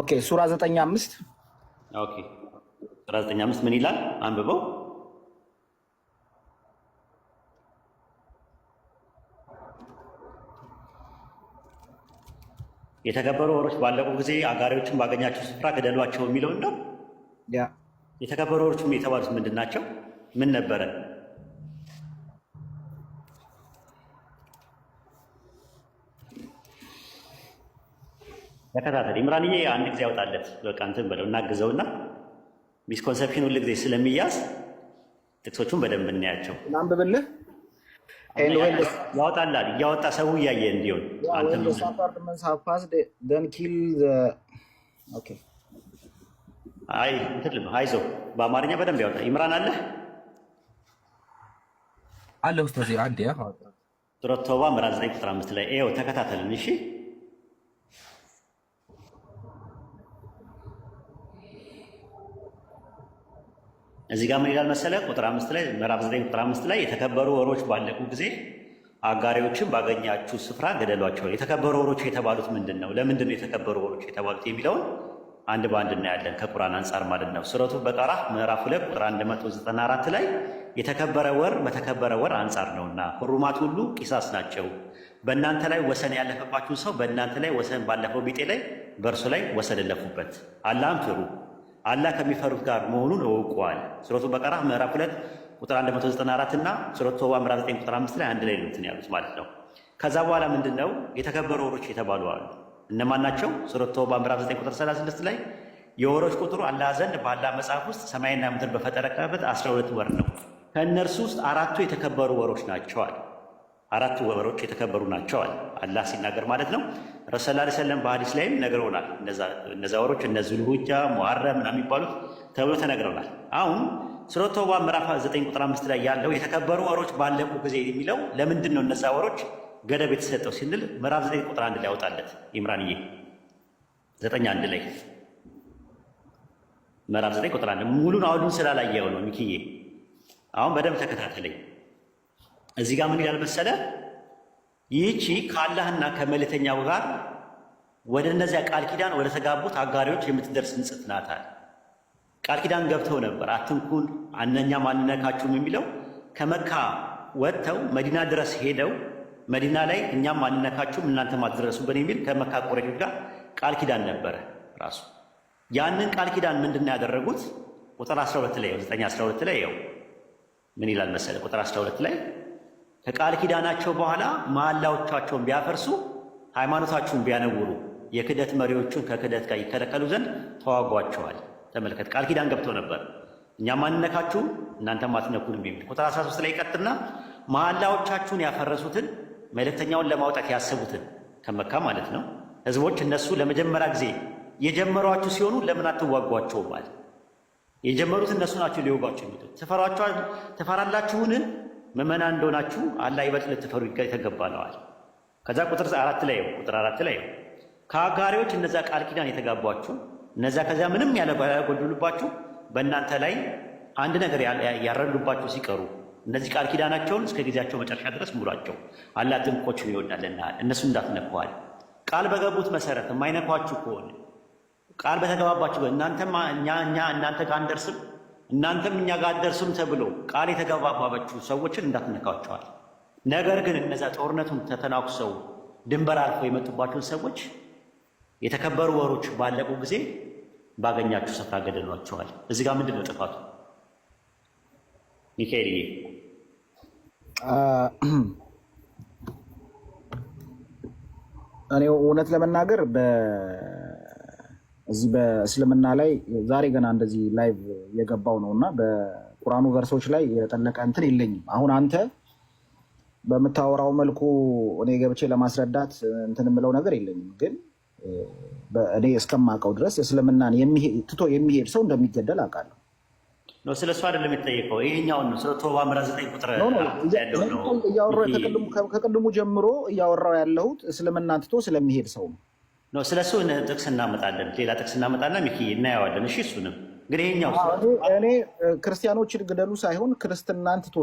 ኦኬ ሱራ 95 ኦኬ ሱራ አምስት ምን ይላል? አንብበው። የተከበሩ ወሮች ባለቁ ጊዜ አጋሪዎችን ባገኛቸው ስፍራ ገደሏቸው የሚለውን ነው። የተከበሩ ወሮች የተባሉት ምንድን ናቸው? ምን ነበረ? ተከታተል ኢምራንዬ፣ አንድ ጊዜ ያውጣለት በቃ እንትን በለው እናግዘውና ሚስኮንሰፕሽን ሁል ጊዜ ስለሚያዝ ጥቅሶቹን በደንብ እናያቸው። አንብብልህ ያወጣላል። እያወጣ ሰው እያየ እንዲሆን አይ ትልም አይዞ በአማርኛ በደንብ ያወጣ። ኢምራን አለ አለ ውስጥ ዚ አንድ ያ ሱረቱ ተውባ ምዕራፍ 9 ቁጥር 5 ላይ ይኸው ተከታተልን። እሺ እዚህ ጋር ምን ይላል መሰለ ቁጥር አምስት ላይ ምዕራፍ ዘጠኝ ቁጥር አምስት ላይ የተከበሩ ወሮች ባለቁ ጊዜ አጋሪዎችን ባገኛችሁ ስፍራ ገደሏቸው። የተከበሩ ወሮች የተባሉት ምንድን ነው? ለምንድን ነው የተከበሩ ወሮች የተባሉት የሚለውን አንድ በአንድ እናያለን ከቁርአን አንጻር ማለት ነው። ሱረቱ በቀራህ ምዕራፍ ሁለት ቁጥር 194 ላይ የተከበረ ወር በተከበረ ወር አንጻር ነውና ሁሩማት ሁሉ ቂሳስ ናቸው። በእናንተ ላይ ወሰን ያለፈባችሁ ሰው በእናንተ ላይ ወሰን ባለፈው ቢጤ ላይ በእርሱ ላይ ወሰን ለፉበት አላህን ፍሩ አላህ ከሚፈሩት ጋር መሆኑን እወቁዋል። ሱረቱ በቀራ ምዕራፍ 2 ቁጥር 194 እና ሱረቱ ተውባ ምዕራፍ 9 ቁጥር 5 ላይ አንድ ላይ ነው እንትን ያሉት ማለት ነው። ከዛ በኋላ ምንድን ነው የተከበሩ ወሮች የተባሉ አሉ። እነማን ናቸው? ሱረቱ ተውባ ምዕራፍ 9 ቁጥር 36 ላይ የወሮች ቁጥሩ አላህ ዘንድ ባላ መጽሐፍ ውስጥ ሰማይና ምድር በፈጠረበት 12 ወር ነው። ከእነርሱ ውስጥ አራቱ የተከበሩ ወሮች ናቸዋል። አራት ወበሮች የተከበሩ ናቸዋል አለ አላህ ሲናገር ማለት ነው። ረሰላ ሰለም በሀዲስ ላይም ነግረውናል። እነዛ ወሮች እነ ዙልሁጃ፣ ሙሐረም ምና የሚባሉት ተብሎ ተነግረውናል። አሁን ሱረቱ ተውባ ምዕራፍ 9 ቁጥር 5 ላይ ያለው የተከበሩ ወሮች ባለቁ ጊዜ የሚለው ለምንድን ነው እነዛ ወሮች ገደብ የተሰጠው ሲንል ምዕራፍ 9 ቁጥር 1 ላይ ያወጣለት ኢምራንዬ 9 1 ላይ ምዕራፍ 9 ቁጥር 1 ሙሉን አሁን ስላላየኸው ነው ሚኪዬ፣ አሁን በደንብ ተከታተለኝ። እዚህ ጋር ምን ይላል መሰለ? ይህቺ ከአላህና ከመልእክተኛው ጋር ወደ እነዚያ ቃል ኪዳን ወደ ተጋቡት አጋሪዎች የምትደርስ ንጽሕት ናታል። ቃል ኪዳን ገብተው ነበር። አትንኩን፣ አነኛ አንነካችሁም የሚለው ከመካ ወጥተው መዲና ድረስ ሄደው መዲና ላይ እኛም አንነካችሁም እናንተም አትደረሱብን የሚል ከመካ ቁረሾች ጋር ቃል ኪዳን ነበረ ራሱ ያንን ቃል ኪዳን ምንድን ያደረጉት ቁጥር 12 ላይ 9 12 ላይ ያው ምን ይላል መሰለ ቁጥር 12 ላይ ከቃል ኪዳናቸው በኋላ መሐላዎቻቸውን ቢያፈርሱ ሃይማኖታችሁን ቢያነውሩ የክደት መሪዎቹን ከክደት ጋር ይከለከሉ ዘንድ ተዋጓቸዋል። ተመልከት፣ ቃል ኪዳን ገብቶ ነበር። እኛም ማንነካችሁ እናንተም አትነኩንም የሚል ቁጥር 13 ላይ ቀጥልና መሐላዎቻችሁን ያፈረሱትን መልእክተኛውን ለማውጣት ያሰቡትን ከመካ ማለት ነው ህዝቦች እነሱ ለመጀመሪያ ጊዜ የጀመሯችሁ ሲሆኑ ለምን አትዋጓቸውም? ማለት የጀመሩት እነሱ ናቸው ሊወጓቸው የሚ ትፈራላችሁን ምዕመናን እንደሆናችሁ አላህ ይበልጥ ልትፈሩ ይገባለዋል። ከዛ ቁጥር አራት ላይ ቁጥር አራት ላይ ከአጋሪዎች እነዛ ቃል ኪዳን የተጋቧችሁ እነዛ ከዚያ ምንም ያላጎደሉባችሁ በእናንተ ላይ አንድ ነገር ያረዱባችሁ ሲቀሩ እነዚህ ቃል ኪዳናቸውን እስከ ጊዜያቸው መጨረሻ ድረስ ሙሏቸው። አላህ ጥንቆችን ይወዳልና እነሱ እንዳትነኳዋል። ቃል በገቡት መሰረት የማይነኳችሁ ከሆነ ቃል በተገባባችሁ እናንተ እኛ እናንተ ጋር አንደርስም እናንተም እኛ ጋር አትደርሱም ተብሎ ቃል የተገባባችሁ ሰዎችን እንዳትነካቸዋል። ነገር ግን እነዛ ጦርነቱን ተተናኩሰው ድንበር አልፈው የመጡባቸውን ሰዎች የተከበሩ ወሮች ባለቁ ጊዜ ባገኛችሁ ስፍራ ገደሏቸዋል። እዚ ጋር ምንድን ነው ጥፋቱ? ሚካኤልዬ እኔ እውነት ለመናገር እዚህ በእስልምና ላይ ዛሬ ገና እንደዚህ ላይቭ የገባው ነው እና በቁራኑ ቨርሶች ላይ የጠለቀ እንትን የለኝም። አሁን አንተ በምታወራው መልኩ እኔ ገብቼ ለማስረዳት እንትን የምለው ነገር የለኝም። ግን እኔ እስከማውቀው ድረስ እስልምናን ትቶ የሚሄድ ሰው እንደሚገደል አውቃለሁ። ስለ እሱ አይደለም የሚጠየቀው፣ ይሄኛውን ነው። ስለ ቶባ ምዕራፍ ዘጠኝ ቁጥር እያወራሁ ከቅድሙ ጀምሮ እያወራሁ ያለሁት እስልምናን ትቶ ስለሚሄድ ሰው ነው። ነው። ስለ እሱ ጥቅስ እናመጣለን፣ ሌላ ጥቅስ እናመጣለን። ሚኪ እናየዋለን። እሺ እሱንም እንግዲህ ይኸኛው እኔ ክርስቲያኖችን ግደሉ ሳይሆን ክርስትናን ትቶ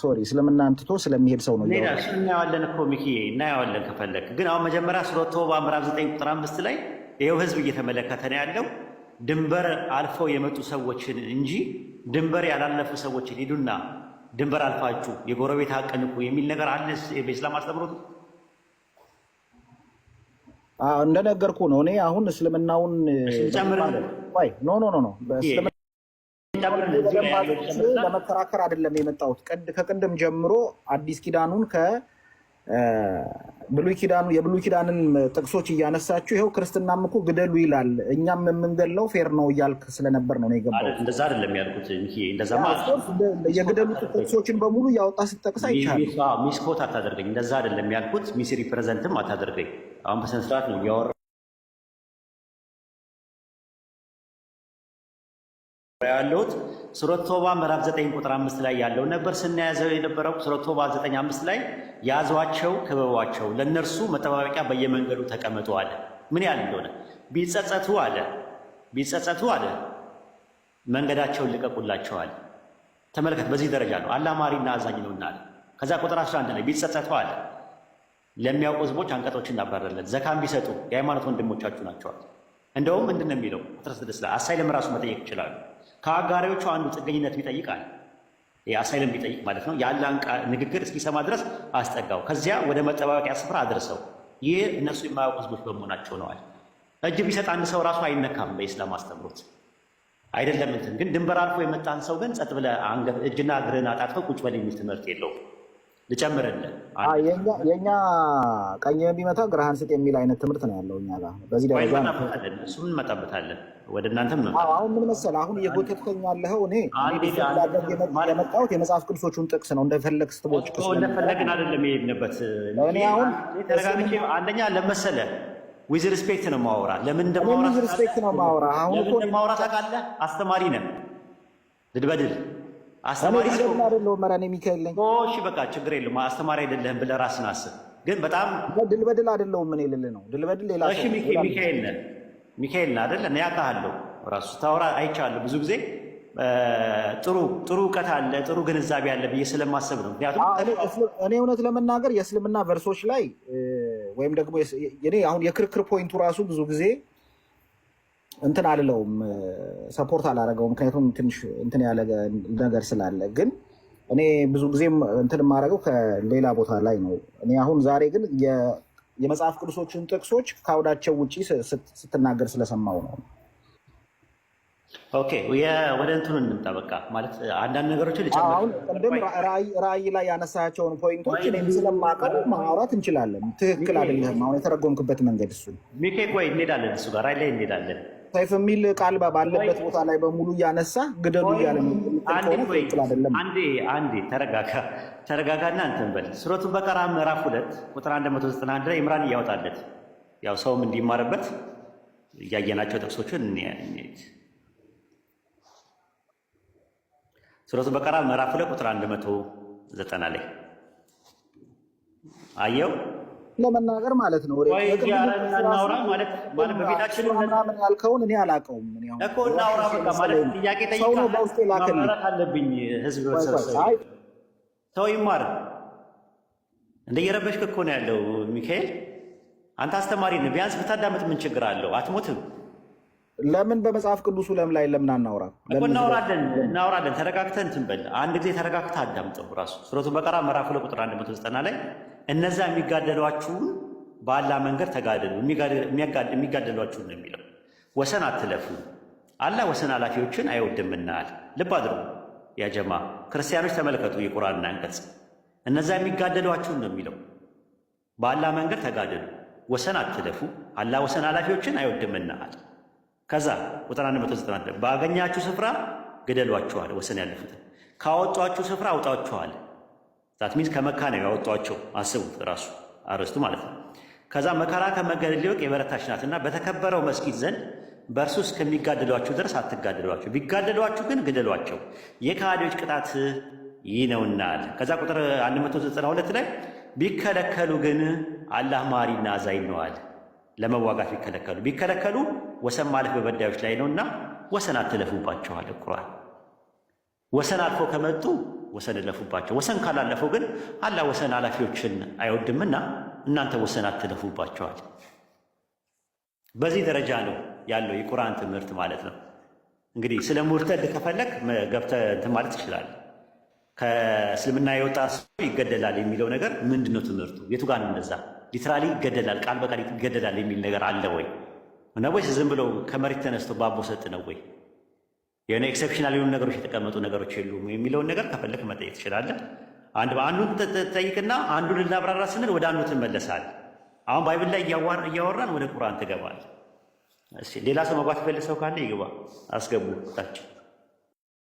ሶሪ እስልምናን ትቶ ስለሚሄድ ሰው ነው። እናየዋለን እኮ ሚኪ እናየዋለን ከፈለግ ግን አሁን መጀመሪያ ስለ ተውባ ምዕራፍ ዘጠኝ ቁጥር አምስት ላይ ይኸው ህዝብ እየተመለከተ ነው ያለው ድንበር አልፈው የመጡ ሰዎችን እንጂ ድንበር ያላለፉ ሰዎችን ሂዱና ድንበር አልፋችሁ የጎረቤት ሀቅን የሚል ነገር አለ በኢስላም አስተምሮት እንደነገርኩ ነው። እኔ አሁን እስልምናውን ኖ ኖ ኖ ለመከራከር አይደለም የመጣሁት። ከቅድም ጀምሮ አዲስ ኪዳኑን ከብሉይ ኪዳኑ የብሉይ ኪዳንን ጥቅሶች እያነሳችሁ ይኸው ክርስትናም እኮ ግደሉ ይላል፣ እኛም የምንገለው ፌር ነው እያልክ ስለነበር ነው የገባሁት። እንደዛ አይደለም ያልኩት። የግደሉ ጥቅሶችን በሙሉ እያወጣ ስጠቅስ አይቻልም። ሚስኮት አታደርገኝ። እንደዛ አይደለም ያልኩት። ሚስ ሪፕሬዘንትም አታደርገኝ አሁን በስነስርዓት ነው እያወራ ያለሁት ሱረት ቶባ ምዕራፍ 9 ቁጥር 5 ላይ ያለው ነበር ስናያዘው የነበረው ሱረት ቶባ 9 5 ላይ ያዟቸው፣ ክበቧቸው፣ ለእነርሱ መጠባበቂያ በየመንገዱ ተቀመጡ አለ። ምን ያህል እንደሆነ ቢጸጸቱ አለ ቢጸጸቱ አለ መንገዳቸውን ልቀቁላቸዋል አለ። ተመልከት፣ በዚህ ደረጃ ነው አላማሪና አዛኝ ነውና አለ። ከዛ ቁጥር 11 ላይ ቢጸጸቱ አለ ለሚያውቁ ህዝቦች አንቀጦች እናባረለን ዘካ ቢሰጡ የሃይማኖት ወንድሞቻችሁ ናቸዋል። እንደውም ምንድን ነው የሚለው ቁጥር ስድስት ላይ አሳይለም ራሱ መጠየቅ ይችላሉ። ከአጋሪዎቹ አንዱ ጥገኝነት ይጠይቃል። አሳይለም ቢጠይቅ ማለት ነው ያለን ንግግር እስኪሰማ ድረስ አስጠጋው፣ ከዚያ ወደ መጠባበቂያ ስፍራ አድርሰው። ይህ እነሱ የማያውቁ ህዝቦች በመሆናቸው ነዋል። እጅ ቢሰጥ አንድ ሰው ራሱ አይነካም። በኢስላም አስተምሮት አይደለም እንትን ግን ድንበር አልፎ የመጣን ሰው ግን ጸጥ ብለህ እጅና እግርህን አጣጥፈው ቁጭ በል የሚል ትምህርት የለውም። ልጨምርልህ የእኛ ቀኝህን ቢመታ ግራህን ስጥ የሚል አይነት ትምህርት ነው ያለው እኛ ጋር። በዚህ ደረጃ እሱን እንመጣበታለን። ወደ እናንተ አሁን ምን መሰለህ፣ አሁን የጎተትከኝ ያለኸው እኔ የመጣሁት የመጽሐፍ ቅዱሶቹን ጥቅስ ነው። እንደፈለግ ስትቦጭ እንደፈለግን አይደለም የሄድንበት። እኔ አሁን ተረጋግቼ አንደኛ ለመሰለህ ዊዝ ሪስፔክት ነው የማወራህ። ለምን እንደማወራህ ሪስፔክት ነው የማወራህ። አሁን እንደማወራህ ታውቃለህ። አስተማሪ ነን ልድበድል አስተማሪ አይደለሁም ሚካኤል ነኝ። እሺ በቃ ችግር የለም። አስተማሪ አይደለህም ብለህ ራስን አስብ። ግን በጣም ድል በድል አይደለሁም። ምን ልል ነው? ድል በድል ሌላ ሚካኤል ነህ ሚካኤል ነህ አይደለ? እኔ አውቃለሁ። ራሱ ታወራ አይቻለሁ ብዙ ጊዜ ጥሩ ጥሩ እውቀት አለ፣ ጥሩ ግንዛቤ አለ ብዬ ስለማሰብ ነው። ምክንያቱም እኔ እውነት ለመናገር የእስልምና ቨርሶች ላይ ወይም ደግሞ እኔ አሁን የክርክር ፖይንቱ ራሱ ብዙ ጊዜ እንትን አልለውም፣ ሰፖርት አላረገው። ምክንያቱም ትንሽ እንትን ያለ ነገር ስላለ ግን እኔ ብዙ ጊዜም እንትን የማደርገው ከሌላ ቦታ ላይ ነው። እኔ አሁን ዛሬ ግን የመጽሐፍ ቅዱሶችን ጥቅሶች ከአውዳቸው ውጭ ስትናገር ስለሰማው ነው። ኦኬ ወደ እንትኑ እንምጣ። በቃ ማለት አንዳንድ ነገሮችን ልጨምር። ራእይ ላይ ያነሳቸውን ፖይንቶች ስለማቀር ማውራት እንችላለን። ትክክል አይደለም። አሁን የተረጎምክበት መንገድ እሱ ሚኬ፣ ወይ እንሄዳለን፣ እሱ ጋር ራእይ ላይ እንሄዳለን። ሰይፍ የሚል ቃል ባለበት ቦታ ላይ በሙሉ እያነሳ ግደሉ እያለ አንዴ አንዴ ተረጋጋ ተረጋጋና እንትን በል። በቀራ ምዕራፍ ሁለት ቁጥር 191 ላይ ኢምራን እያወጣለት ያው ሰውም እንዲማርበት እያየናቸው ጥቅሶችን እንሄድ። ሱረቱል በቀራ ምዕራፍ ሁለት ቁጥር 190 ላይ አየው ለመናገር ማለት ነው ምናምን ያልከውን እኔ አላውቀውም። ሰው ነው በውስጤ ላከልኝ። ሰው ይማር እንደ እኮ ነው ያለው። ሚካኤል አንተ አስተማሪ ነው፣ ቢያንስ ብታዳምጥ ምን ችግር አለው? አትሞትም። ለምን በመጽሐፍ ቅዱሱ ለም ላይ ለምን አናውራ? እናውራለን እናውራለን። ተረጋግተህ እንትን በል። አንድ ጊዜ ተረጋግተ አዳምጠው። ራሱ ሱረቱ በቀራ ምዕራፍ ሁለት ቁጥር 190 ላይ እነዛ የሚጋደሏችሁን ባላ መንገድ ተጋደሉ። የሚጋደሏችሁን ነው የሚለው። ወሰን አትለፉ። አላህ ወሰን ኃላፊዎችን አይወድምናል። ልብ አድርጉ ያጀማ ክርስቲያኖች ተመልከቱ የቁርአንን አንቀጽ። እነዛ የሚጋደሏችሁን ነው የሚለው። በአላህ መንገድ ተጋደሉ፣ ወሰን አትለፉ። አላህ ወሰን ኃላፊዎችን አይወድምናል። ከዛ ቁጥር 199 ባገኛችሁ ስፍራ ግደሏችኋል። ወሰን ያለፉትን ካወጧችሁ ስፍራ አውጣችኋል። ዛት ሚንስ ከመካ ነው ያወጧቸው። አስቡት ራሱ አርስቱ ማለት ነው። ከዛ መከራ ከመገደል ሊወቅ የበረታች ናትና በተከበረው መስጊድ ዘንድ በእርሱ እስከሚጋደሏችሁ ድረስ አትጋደሏቸው። ቢጋደሏችሁ ግን ግደሏቸው፣ የከሃዲዎች ቅጣት ይህ ነውና አለ። ከዛ ቁጥር 192 ላይ ቢከለከሉ ግን አላህ ማሪና አዛኝ ነው አለ። ለመዋጋት ቢከለከሉ ቢከለከሉ ወሰን ማለፍ በበዳዮች ላይ ነውና ወሰን አትለፉባቸዋል። ቁርአን ወሰን አልፎ ከመጡ ወሰን እለፉባቸው። ወሰን ካላለፈው ግን አላህ ወሰን ኃላፊዎችን አይወድምና እናንተ ወሰን አትለፉባቸዋል። በዚህ ደረጃ ነው ያለው የቁርአን ትምህርት ማለት ነው። እንግዲህ ስለ ሙርተድ ከፈለግ ገብተህ እንትን ማለት ይችላል። ከእስልምና የወጣ ሰው ይገደላል የሚለው ነገር ምንድን ነው ትምህርቱ? የቱ ጋር ነው እንደዛ ሊትራሊ ይገደላል ቃል በቃል ይገደላል የሚል ነገር አለ ወይ? እና ወይስ ዝም ብለው ከመሬት ተነስቶ ባቦ ሰጥ ነው ወይ? የሆነ ኤክሰፕሽናል የሆኑ ነገሮች የተቀመጡ ነገሮች የሉም የሚለውን ነገር ከፈለክ መጠየቅ ትችላለህ። አንድ አንዱን ትጠይቅና አንዱን ልናብራራ ስንል ወደ አንዱ ትመለሳል። አሁን ባይብል ላይ እያወራን ወደ ቁርአን ትገባል። ሌላ ሰው መግባት የፈለሰው ካለ ይግባ፣ አስገቡ ታቸው